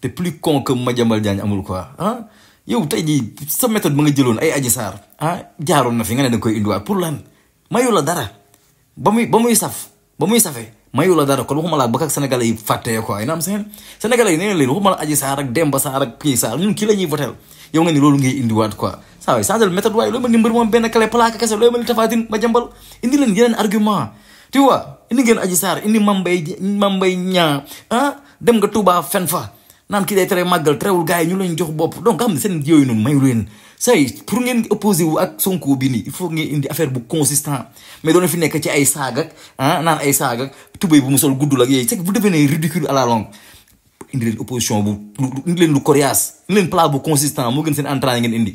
te plus con que Madiambal Diagne amul quoi ah yow tey jii sa méthode ba nga jëloon ay Adji saar ah jaaroon na fi nga ne da koy indiwaat pour lan mayu la dara ba muy ba muy saf ba muy safee mayu la dara kon waxuma laa ba ak sénégalais yi fàttee quoi yéen am seen sénégalais yi nee na leen waxuma la Adji Sarr ak Demba kii Sarr ñun la ñuy votel yow nga ni indiwaat quoi saa waay changeal méthode waaye looy mel ni mbër moom benn clé plaque kese looy mel ni tafaatin ma jambal indi leen yeneen argument tu vois indi ngeen Adji saar indi Mame Mbaye Mame Mbaye ñaa dem nga tubaa fen fa naan kii day tere màggal terewul gars yi ñu lañ jox bopp donc nga xam ne seen yooyu noonu mayu leen say pour ngeen opposé wu ak Sonko bi nii il faut ngeen indi affaire bu consistant mais doona fi nekk ci ay saagak ah naan ay saagak tubee bu mu sol guddul ak yooyu c'est que vous devenez ridicule à la longue indi leen opposition bu indi leen lu coriace indi leen plat bu consistant moo gën seen entrain ngeen indi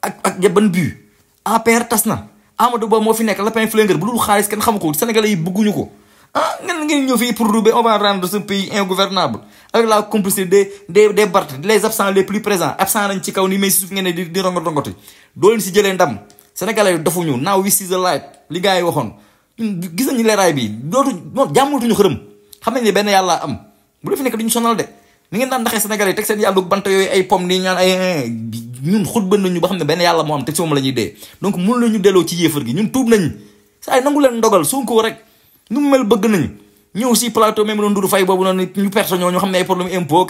ak ak ban but APR tas na Amadou Ba moo fi nekk lapin flingueur bu dul xaalis kenn xamu ko sénégalais yi bëgguñu ko ah ngeen ngeen ñëw fii pour roube on va rendre ce pays ingouvernable avec la complicité des des des les absents les plus présents absent nañ ci kaw ni mais si suuf ngeen di di rongodongoti doo leen si jëlee ndam sénégalais yi dofuñu now we see the light li waxoon gis nañu leeraay bi dootu jàmmatuñu xërëm xam nañ ne benn yàlla am bu dee fi nekk ni ngeen daan ndaxee Sénégal yi teg seen yàllug bant yooyu ay pomme nii ñaan ay ñun xutba nañu ba xam ne benn yàlla moo am teg si moom la ñuy dee donc mun nañu delloo ci yéefar gi ñun tuub nañ saay nangu leen ndogal Sonko rek nu mel bëgg nañ ñëw si plateau même doon duru fay boobu noonu ñu perte ñu xam ne ay problème impôt